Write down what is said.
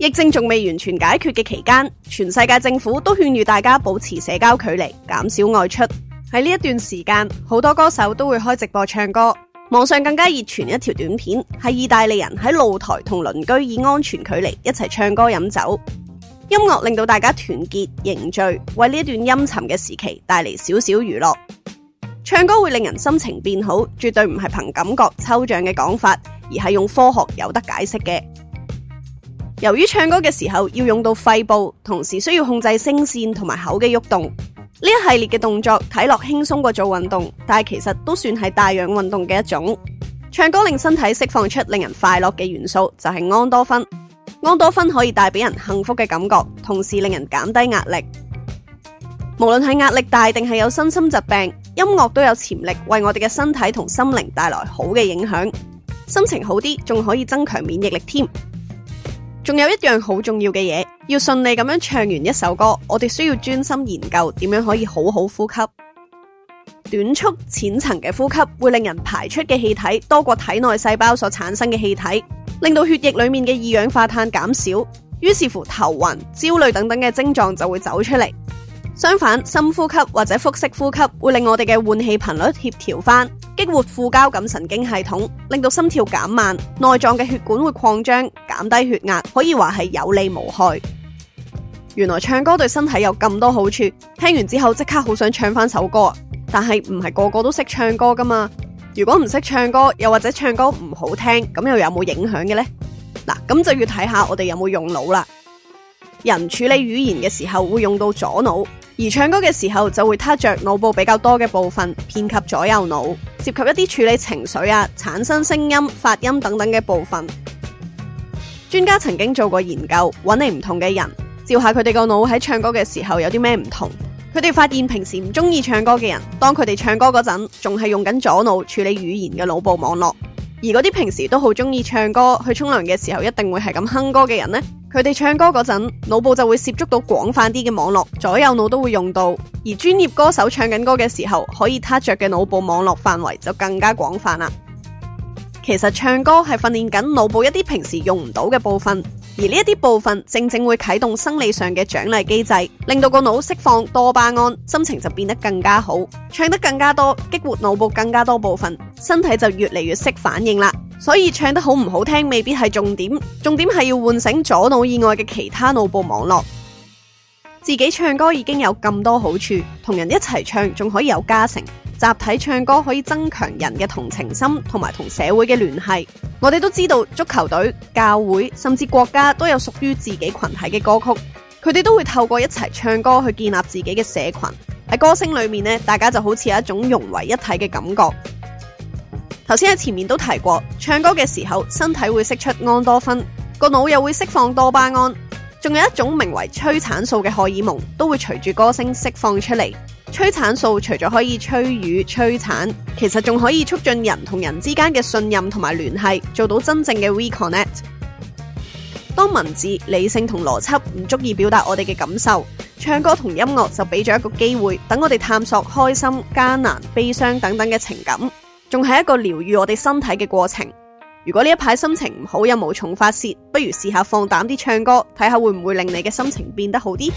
疫症仲未完全解決嘅期間，全世界政府都勸喻大家保持社交距離，減少外出。喺呢一段時間，好多歌手都會開直播唱歌。網上更加熱傳一條短片，係意大利人喺露台同鄰居以安全距離一齊唱歌飲酒。音樂令到大家團結凝聚，為呢一段陰沉嘅時期帶嚟少少娛樂。唱歌會令人心情變好，絕對唔係憑感覺、抽象嘅講法，而係用科學有得解釋嘅。由於唱歌嘅時候要用到肺部，同時需要控制聲線同埋口嘅喐動，呢一系列嘅動作睇落輕鬆過做運動，但係其實都算係帶氧運動嘅一種。唱歌令身體釋放出令人快樂嘅元素，就係、是、安多酚。安多酚可以帶俾人幸福嘅感覺，同時令人減低壓力。無論係壓力大定係有身心疾病，音樂都有潛力為我哋嘅身體同心靈帶來好嘅影響。心情好啲，仲可以增強免疫力添。仲有一樣好重要嘅嘢，要順利咁樣唱完一首歌，我哋需要專心研究點樣可以好好呼吸。短促淺層嘅呼吸會令人排出嘅氣體多過體內細胞所產生嘅氣體，令到血液裏面嘅二氧化碳減少，於是乎頭暈、焦慮等等嘅症狀就會走出嚟。相反，深呼吸或者腹式呼吸會令我哋嘅換氣頻率協調翻，激活副交感神經系統，令到心跳減慢，內臟嘅血管會擴張，減低血壓，可以話係有利無害。原來唱歌對身體有咁多好處，聽完之後即刻好想唱翻首歌。但係唔係個個都識唱歌噶嘛？如果唔識唱歌，又或者唱歌唔好聽，咁又有冇影響嘅呢？嗱，咁就要睇下我哋有冇用腦啦。人處理語言嘅時候會用到左腦。而唱歌嘅時候就會撻着腦部比較多嘅部分，遍及左右腦，涉及一啲處理情緒啊、產生聲音、發音等等嘅部分。 專家曾經做過研究，搵嚟唔同嘅人照下佢哋個腦喺唱歌嘅時候有啲咩唔同。佢哋發現平時唔中意唱歌嘅人，當佢哋唱歌嗰陣，仲係用緊左腦處理語言嘅腦部網絡；而嗰啲平時都好中意唱歌、去沖涼嘅時候一定會係咁哼歌嘅人呢？佢哋唱歌嗰陣，腦部就會涉及到廣泛啲嘅網絡，左右腦都會用到。而專業歌手唱緊歌嘅時候，可以撻着嘅腦部網絡範圍就更加廣泛啦。其實唱歌係訓練緊腦部一啲平時用唔到嘅部分，而呢一啲部分正正會啟動生理上嘅獎勵機制，令到個腦釋放多巴胺，心情就變得更加好。唱得更加多，激活腦部更加多部分，身體就越嚟越識反應啦。所以唱得好唔好聽未必係重點，重點係要喚醒左腦以外嘅其他腦部網絡。自己唱歌已經有咁多好處，同人一齊唱仲可以有加成。集體唱歌可以增強人嘅同情心同埋同社會嘅聯繫。我哋都知道足球隊、教會甚至國家都有屬於自己群體嘅歌曲，佢哋都會透過一齊唱歌去建立自己嘅社群。喺歌聲裏面呢，大家就好似有一種融為一體嘅感覺。頭先喺前面都提過，唱歌嘅時候，身體會釋出胺多酚，個腦又會釋放多巴胺，仲有一種名為催產素嘅荷爾蒙，都會隨住歌聲釋放出嚟。催產素除咗可以催乳催產，其實仲可以促進人同人之間嘅信任同埋聯繫，做到真正嘅 we connect。當文字、理性同邏輯唔足以表達我哋嘅感受，唱歌同音樂就俾咗一個機會，等我哋探索開心、艱難、悲傷等等嘅情感。仲係一個療愈我哋身體嘅過程。如果呢一排心情唔好又無從發洩，不如試下放膽啲唱歌，睇下會唔會令你嘅心情變得好啲。